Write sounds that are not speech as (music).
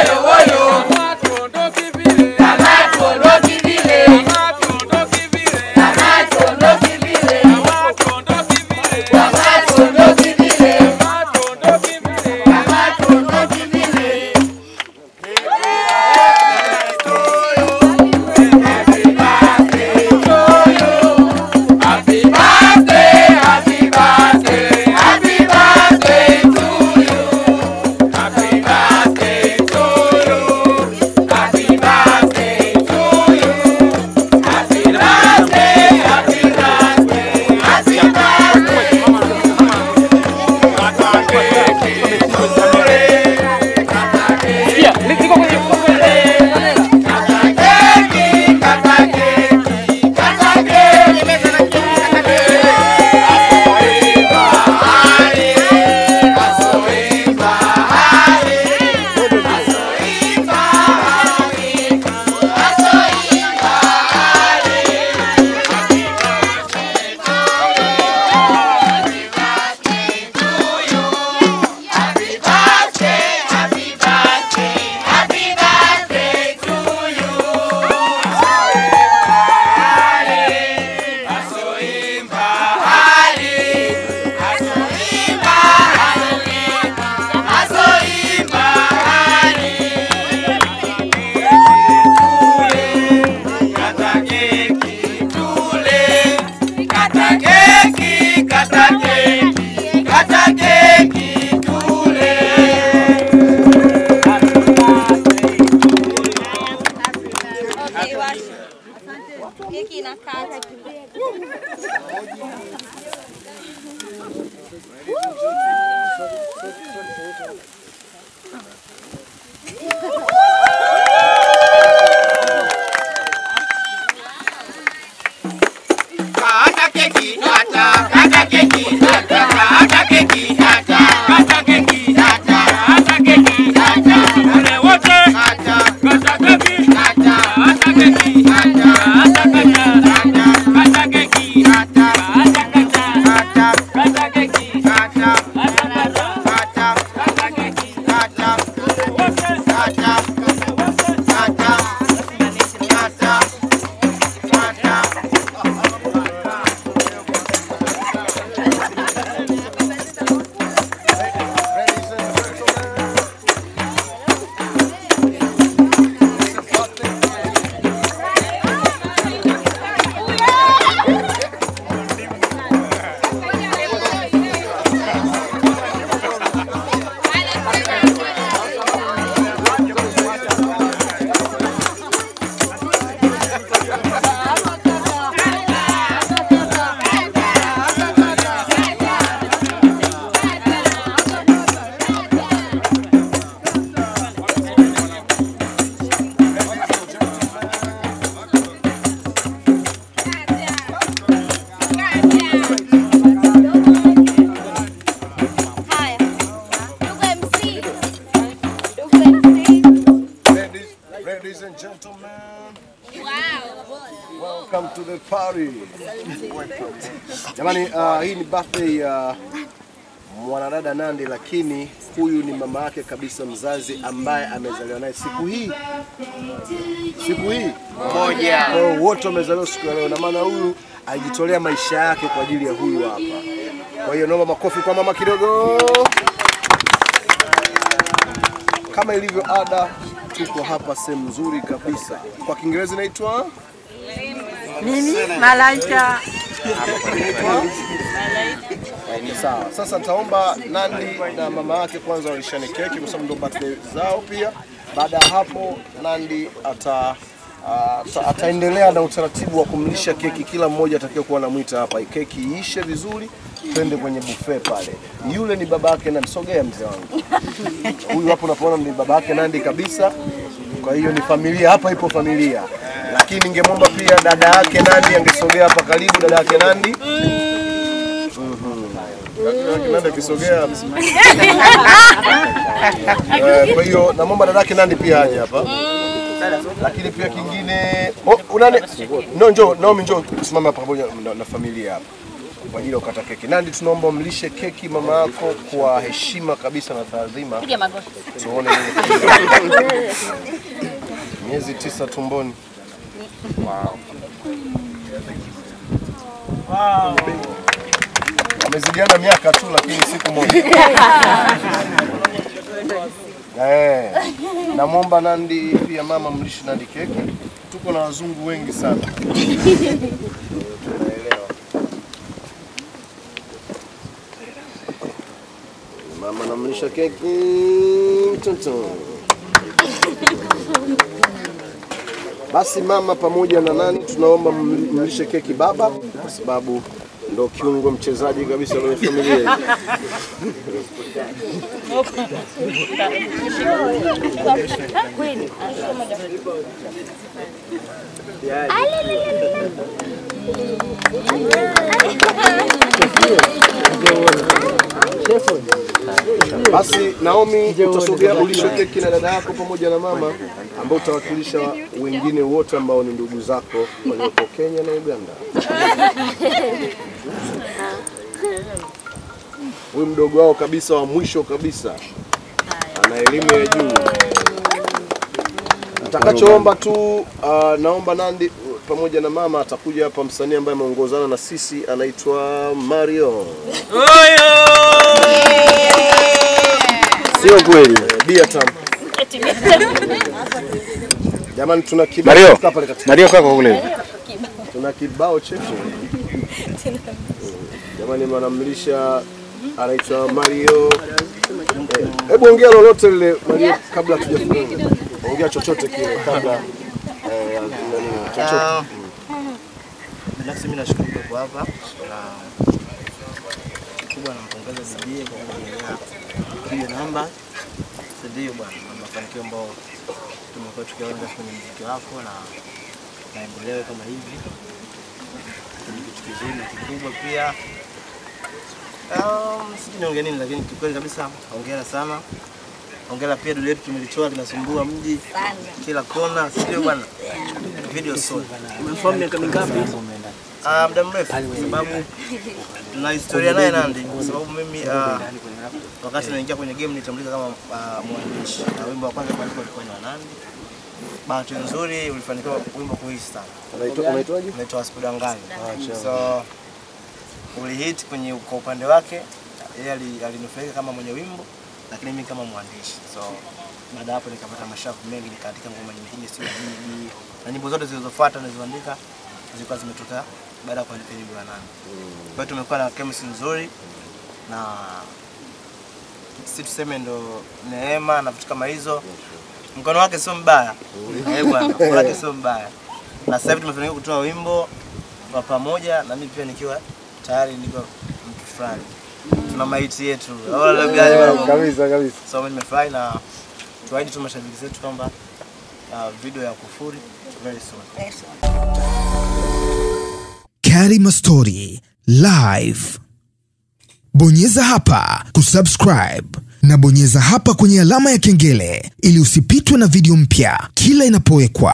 よ Uhul! ladies and gentlemen. Wow. Welcome to the party. Jamani, uh, hii ni birthday ya uh, mwanadada Nandi, lakini huyu ni mama yake kabisa mzazi ambaye amezaliwa naye siku hii siku hii moja. Oh, wote wamezaliwa siku ya leo, na maana huyu alijitolea maisha yake kwa ajili ya huyu hapa. Kwa hiyo naomba makofi kwa mama kidogo, kama ilivyo ada tuko hapa sehemu nzuri kabisa, kwa Kiingereza inaitwa nini? Malaika. Sawa, sasa taomba Nandi na mama yake kwanza walishane keki kwa sababu ndio birthday zao pia. Baada ya hapo, Nandi ata Ah, ataendelea na utaratibu wa kumlisha keki kila mmoja atakayekuwa anamwita hapa. Keki iishe vizuri, twende kwenye buffet pale. Yule ni babake na msogea mzee wangu. (laughs) Huyu hapo unapoona ni babake Nandi kabisa. Kwa hiyo ni familia hapa, ipo familia. Lakini ningemwomba pia dada yake Nandi angesogea hapa karibu, dada yake Nandi. Nandi akisogea. (laughs) Eh, kwa hiyo namwomba dada yake Nandi pia aje hapa lakini pia kingine oh, unani no, njoo Naomi, njoo simama pamoja na, na familia hapa kwa ajili ya kukata keki. Nandi, tunaomba mlishe keki mama yako kwa heshima kabisa na taadhima. Piga magoti. Tuone (laughs) miezi tisa tumboni. Wow. Wow. Amezidiana miaka tu, lakini siku moja (laughs) Eh. Namwomba Nandi pia mama mlishi Nandi keki. Tuko na wazungu wengi sana. Tunaelewa. Mama namlisha keki mtoto. Basi mama pamoja na nani, tunaomba mlishe keki baba kwa sababu ndo kiungo mchezaji kabisa kwenye familia Basi Naomi, utasogea ulishote kina dada yako pamoja na mama, ambao utawakilisha wengine wote ambao ni ndugu zako walioko Kenya na Uganda huyu mdogo wao kabisa wa mwisho kabisa ana elimu ya juu. Nitakachoomba tu uh, naomba Nandi pamoja na mama atakuja hapa msanii ambaye ameongozana na sisi anaitwa Mario. Sio kweli. Bia tam. Jamani tuna kibao katika. Mario kako kule. Tuna kibao chetu. (laughs) Jamani wanamlisha anaitwa Mario. Hebu ongea lolote lile Mario, kabla tujafunga, ongea chochote kile kabla eh, ah. Binafsi mimi nashukuru kwa hapa na kubwa nampongeza DJ kwa kuendelea hiyo namba, si ndio bwana, na mafanikio ambayo tumekuwa tukiona kwenye muziki wako na maendeleo kama hivi ni kitu kizuri kikubwa pia Um, sijui nini, lakini kiukweli kabisa hongera sana. Hongera pia dudu yetu tumelichoa, linasumbua mji kila kona, sio bwana? Video song. Umefahamu miaka mingapi? Ah, muda mrefu kwa sababu na historia naye Nandy, kwa sababu mimi uh, wakati naingia kwenye game nitambulika kama uh, mwandishi na wimbo wa kwanza kuandikwa ulikuwa ni Nandy. Bahati nzuri ulifanikiwa wimbo kuishi sana. Unaitwa unaitwaje? Unaitwa Asikudanganye. Ah, so ulihit kwenye kwa upande wake, yeye alinufaika kama mwenye wimbo, lakini mimi kama mwandishi. So baada hapo nikapata mashavu mengi, nikaandika ngoma nyingine, sio nyingi na nyimbo zote zilizofuata nilizoandika zilikuwa zimetoka baada ya kuandika nyimbo ya nane. Kwa hiyo tumekuwa na chemistry nzuri na si tuseme ndo neema na vitu kama hizo. Mkono wake sio mbaya eh bwana, mkono wake sio mbaya, na sasa hivi tumefanikiwa kutoa wimbo wa pamoja na mimi pia nikiwa tayari niko mtu fulani, tuna maiti yetu eh, kabisa kabisa. So mimi nimefurahi na tuahidi tu mashabiki zetu kwamba uh, video ya kufuri very soon. Karima Story Live, bonyeza hapa kusubscribe na bonyeza hapa kwenye alama ya kengele ili usipitwe na video mpya kila inapowekwa.